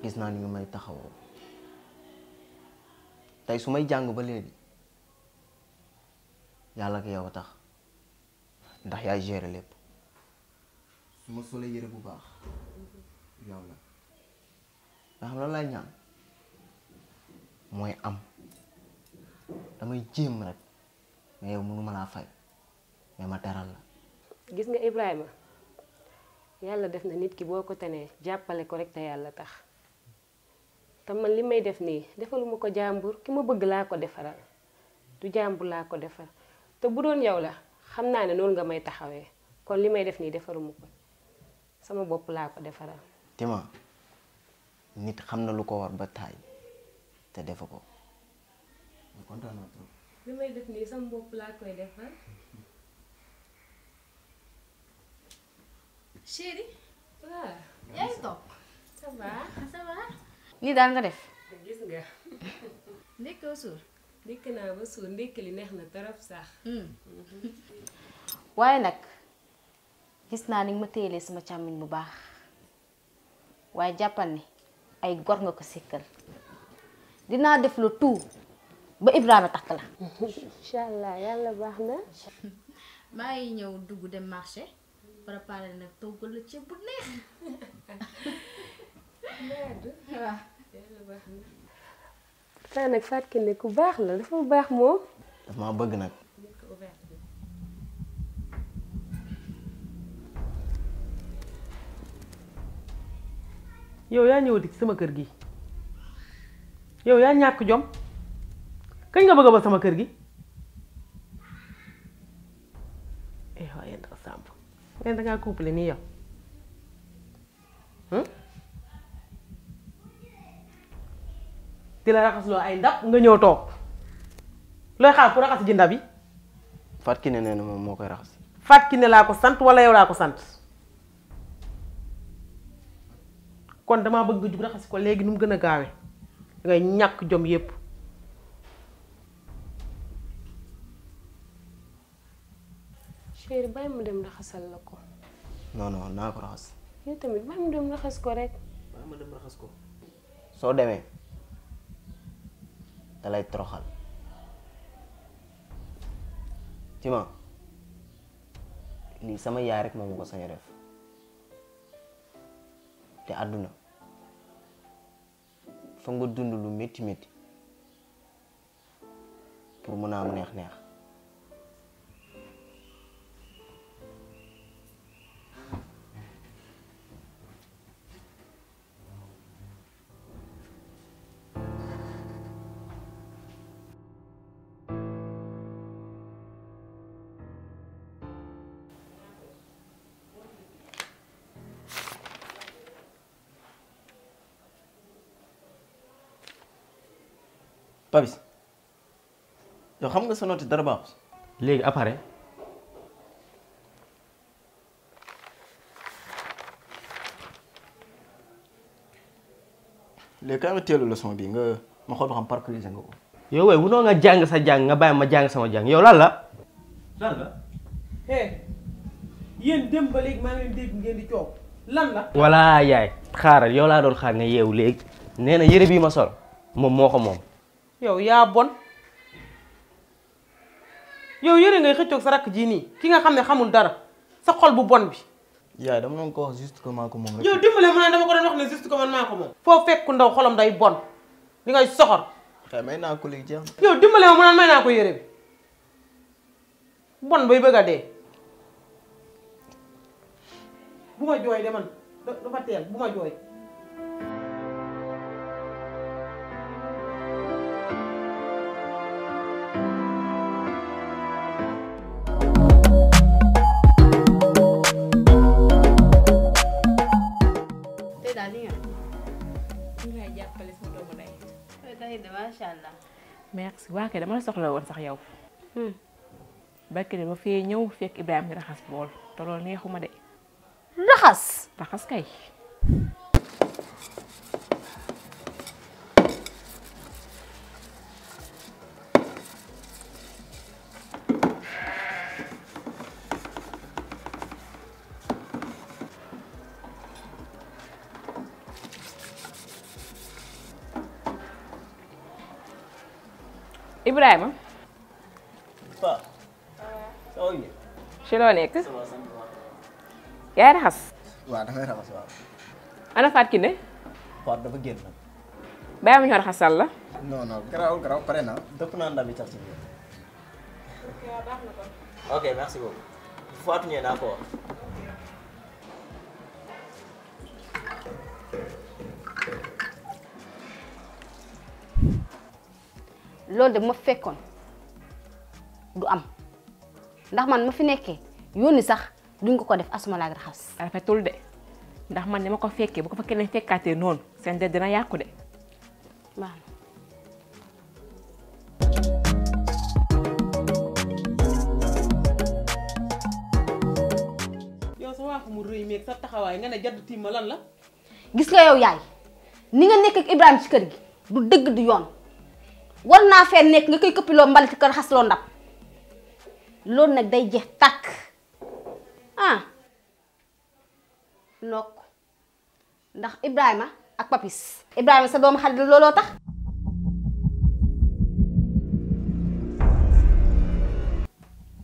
gis na ni nga may taxaw tay sumay jang ba léegi yalla ko yow tax ndax ya gérer lepp su ma solee bu baax yow la xam lay ñaan moy am damay jëm rek mais yow mënu ma la fay mais ma téral la gis nga Ibrahima yalla def na nit ki boko ko tenee ko rek te yalla tax te man limay def ni defaluma ko jambour ki ma bëgg la ko defaral du jambour la ko defar te bu doon yow la xamna naa non nga may taxawé kon limay def ni defaruma ko sama bop la ko defaral tima nit xamna lu ko war ba tay te defa ko kontaan Lima trop def ni sama bop la koy defar chérie waaw yaa ngi toog ça va ça va lii daal nga def. gis ba suur ndekk li neex na trop sax. Hmm. waaye nag gis naa ni ma téyelee suma càmmiñ bu baax waaye jàppal ni ay gor nga ko sikkal dinaa def le tout ba Ibrahima takk la. incha yàlla baax maa ngi ñëw dugg dem marché préparé nag toggal la ceeb bu neex. waaw nag Fatou Kiné ku baax la dafa baax moom. daf maa bëgg nag. yow yaa ñëwati sama kër gi yow yaa ñàkk jom kañ nga bëgg ba sama kër gi eh waaye Ndeye Samb da ngaa couple nii yow. di la raxasloo ay ndab nga ñëw toog looy xaar ku raxas ji ndab yi. Fatou Kiné nee na moom moo koy raxas. Fatou ne laa ko sant wala yow laa ko sant kon damaa bëgg nga jug raxas ko léegi nu mu gën a gaawe dangay ñàkk jom yépp chéri bàyyi mu dem raxasal la ko. non non naa ko raxas. yow tamit bàyyi mu dem raxas ko rek. bàyyi ko. soo demee. dalay toroxal ci ma lii sama yaay rek moom ma ko def te àdduna fa dund lu métti métti pour mun a am neex neex Papis yow xam nga sa note dara baaxul. léegi après. léegi kaay ma teelu leçon bi nga ma xool ba xam parcourir nga ko. yow waaye wunoo nga jàng sa jàng nga bàyyi ma jàng sama jàng yow lan la. lan la. Eh, la. voilà yaay xaaral yow laa doon xaar nga yeewu léegi nee na yére bii ma sol moom moo ko moom. yow ya bon yow yere ngay xëccok sa rak ji ni ki nga xamne xamul dara sa xol bu bon bi. ya dama non ko wax juste que maa ko moom yow dimbalé mo ne dama ko don wax ne juste que man mako mom fo fekk ndaw xolam day bon li ngay soxor. xëy may ko li jeex yow dimbalé mo mu naan may naa ko yere bi bon bay bëgg dé buma joy de man dafa fa bu buma joy macha allah. merci waa kay dama la soxla woon sax yow. Hmm. barke de ba fee ñëw fekk Ibrahima di raxas bool te loolu neexuma de. raxas. raxas kay. Ibrahima. waaw. soo yaay raxas. waaw dafay raxas waaw. ana Fatou Kiné. Fatou dafa génn. bàyyi ma ñu raxasal la. non non garaawul garaaw pare na. dëpp naa ndam yi tax ci biir. loolu de ma fekkoon du am ndax man ma fi nekkee yónni sax duñ ko ko def asuma laag raxas. rafetul de ndax man ni ma ko fekkee bu ko fekkaatee noonu seen de yàqu de waaw. yow sa taxawaay nga ne ma lan la. gis nga yow yaay ni nga nekk ak Ibrahima kër gi du dëgg du yoon. war naa fen nekk nga koy këppiloo mbalit ko raxas loo loolu nag day jeex tàkk ah nokk ndax Ibrahima ak Papis Ibrahima sa doomu xarit looloo tax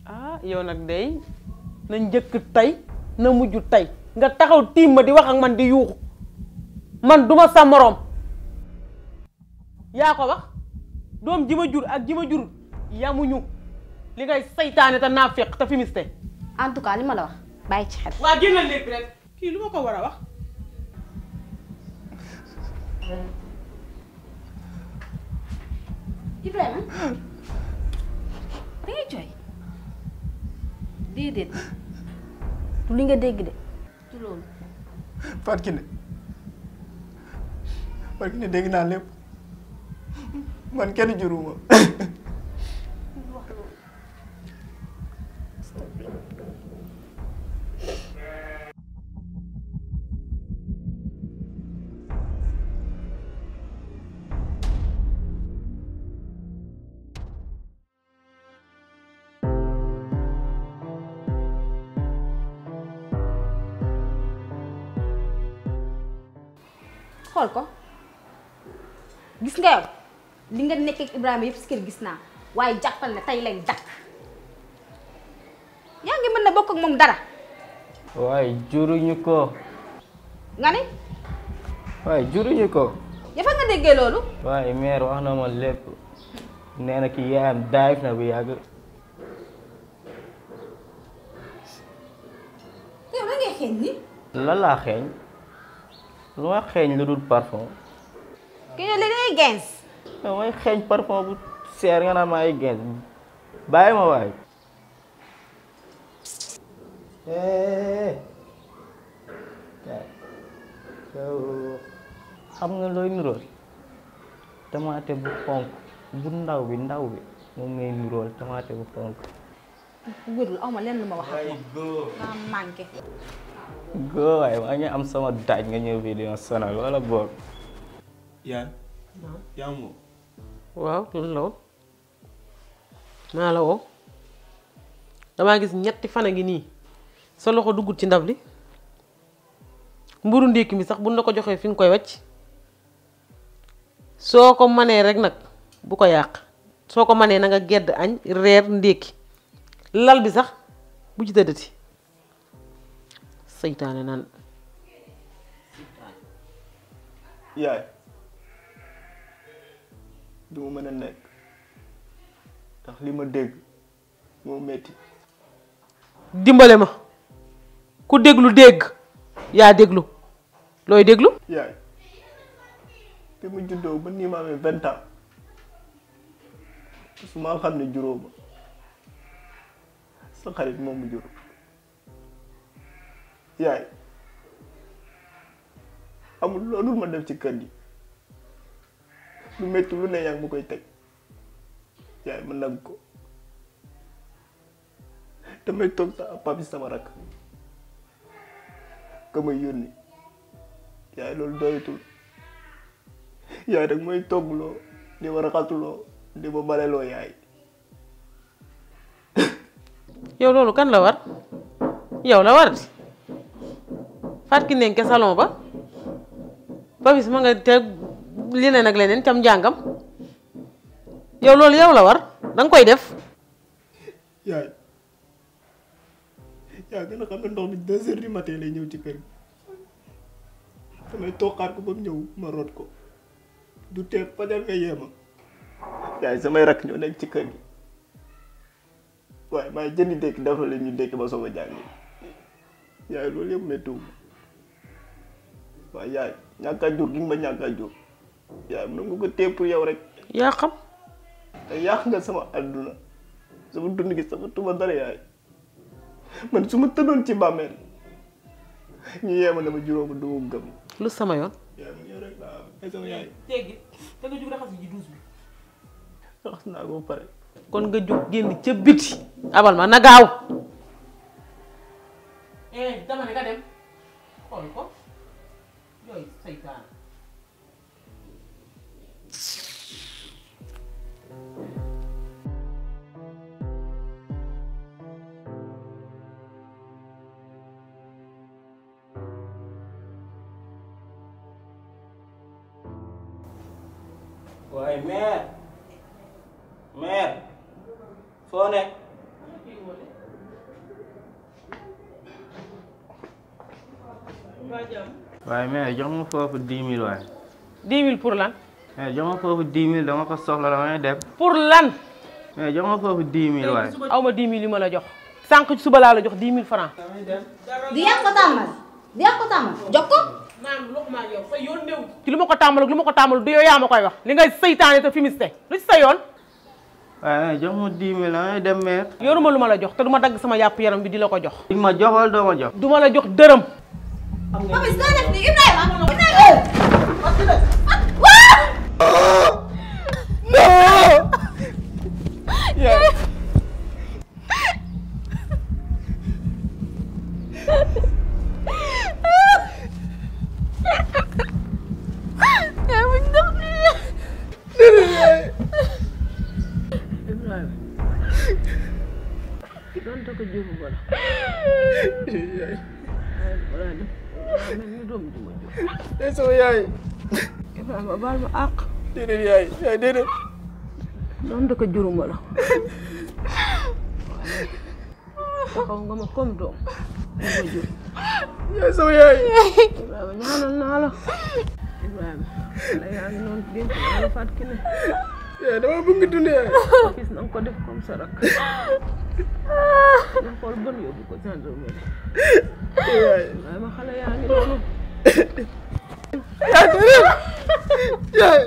ah yow nag day na njëkk tey na mujj tey nga taxaw tiim ma di wax ak man di yuuxu man duma sa moroom yaa ko wax doom jima ma jur ak jima ma jur yamuñu li ngay saytaane te naa fekk te fi miste en tout cas li ma la wax bàyyi ci xel. waa génnal léegi kii lu ko war a wax. Ibrahima da ngay jooy déedéet du li nga dégg de du loolu. Fatou Kiné Fatou Kiné dégg naa lépp. man kenn juruma xool ko gis nga li nga nekkee Ibrahima yëpp si kër gis naa waaye jàppal na tey lay dakk yaa ngi mën na bokk ak moom dara waaye juruñu ko nga ne waaye juruñu ko dafa nga déggee loolu waaye meer wax na ma lépp nee na ki yaayam daayif na bu yàgg yow la ngay xeeñ ni lan xeeñ lu ma xeeñ lu dul parfum ki ne li ngay mooy xeeñ parfum bu seer nga naan maa ngi génn bàyyi ma waay. Eh, xam nga looy nirool tamaate bu xonk bu ndaw bi ndaw bi moom ngay nirool tamaate bu xonk. wérul aw ma lenn am sama daaj nga ñëw fii di ma boog. yaa yaa moom. waaw lan la woon maa la woo damaa gis ñetti fan a ngi nii sa loxo duggul ci ndab li mburu ndékki mi sax buñ la ko joxee fi nga koy wàcc soo ko manee rek nag bu ko yàq soo ko manee nanga gedd añ reer ndékki lal bi sax bu ci tëddati seytaane naan yaay du mu mën a nekk ndax li ma dégg moo metti dimbale ma ku déglu dégg yaa déglu looy déglu yaay bi ma juddoo ba nii ma amee vingt ans su xam ne juróoma sa xarit moom mu juróom yaay amul loolu ma def ci kër gi lu métti lu ne yang ngi tek koy teg yaay mën nag ko damay bisa sa kamu sama rakk ka may yónni yaay loolu doyatul yaay rek may togg lo, di ma raxasuloo di ma Ya yaay yow loolu kan la war yow ya, la war Fatou Kiné salon ba Papis ma nga teg leneen ak leneen tam njàngam yow loolu yow la war danga koy def. yaay yaa gën a xam ne ndox mi deux heures du matin lay ñëw ci kër gi damay toqaat ko ba mu ñëw ma root ko du tee fajar nga yeema yaay samay rakk ñoo nekk ci kër gi waaye maay jëndi dékk dafa leen ñu dékk ba soog a jàng yaay loolu yëpp méttiwul waaye yaay ñàkk jur gi ma ñàkk jur Ya mun nga ko tepp yow ya, rek. ya xam. Eh, ya nga sama aduna sama dund gi sama tuma dara ya man suma iya, ma tëddoon ci bàmmeel ñu yeema dama juróomu du ma gam lu sama yon Ya ngi ñëw rek la ay eh, sama yaay. léegi da nga jug raxas ji douze bi. raxas pare. kon nga jug biti. abal ma na gaaw. eh dama ne nga dem. waaye meer meer foo ne waaye mais jox ma foofu dix mille waaye. dix mille pour lan. mais jox ma foofu dix mille dama ko soxla damay dem. pour lan. mais jox ma foofu dix mille waaye. aw ma dix mille yu ma la jox. sànq suba laa la jox dix franc. di yàq ko tàmmal di yàq ko tàmmal jox ko. maam lu ma yow fa yoon néew ci lu ma ko tàmbalu lu ma ko tàmbalu du yow yaa ngay seytaane te fimiste lu ci sa yoon waaye eh, jox ma dix mille ay eh, dem meer yoruma lu ma la jox te du ma sama yàpp yaram bi di la ko jox di ma jox wala doo ma jox du ma la jox dërëm Mami, soo def Wah! Ibrahima Ibrahima waa Ya it, yaay. Yaay, did it. Doon dëkk jurum wala. Taxaw nga ma comme doom. Yaay sama yaay. Ibrahima ñaanal naa la. Ibrahima. La yaa ngi noonu dénk la ki ne. Yaay dama bëgg ko def comme sa rak. ko Yaay. yaa ngi Yaay. Yaay.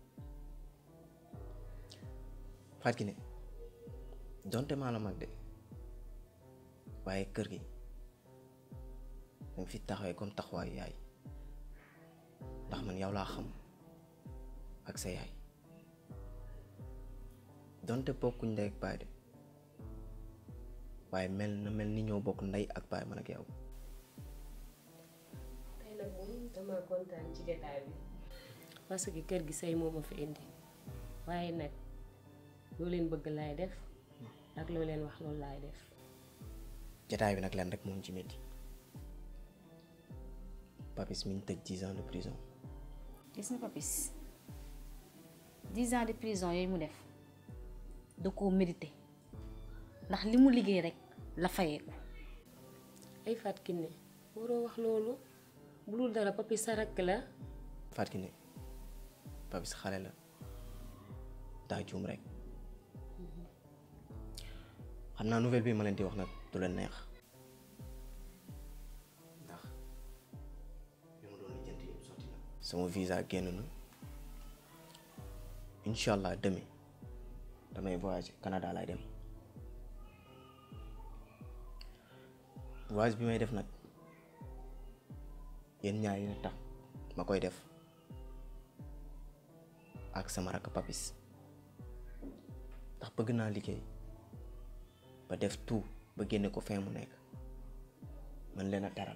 Fatou Kiné donte maa la mag de waaye kër gi danga fi taxawee comme taxawaayu yaay ndax man yow laa xam ak sa yaay donte bokkuñ ndey ak baay de waaye mel na mel ni ñoo bokk ndey ak baay man ak yow. tey kër gi say moo ma fi indi waaye nag. loo leen bëgg laay def ak loo leen wax loolu laay def jataay bi nag leen rek moom ci métti Papis mi ñu tëj dix ans de prison gis nga Papis dix ans de prison yooyu mu def da koo mérité ndax li mu liggéey rek la fayeeku ay Fat Kiné waroo wax loolu bu dul dara Papis sa rakk la Fat Kiné Papis xale la daa juum rek xam naa nouvelle bi ma leen di wax nag du leen neex ndax li ma sama visa génn na incha allah demain damay voyage Canada laay dem voyage bi may def nag yéen ñaar yéen tax ma koy def ak sama rakk papis ndax bëgg naa liggéey ba def tout ba génne ko fin mu nekk man leen a taral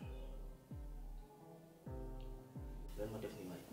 lan ma def ni may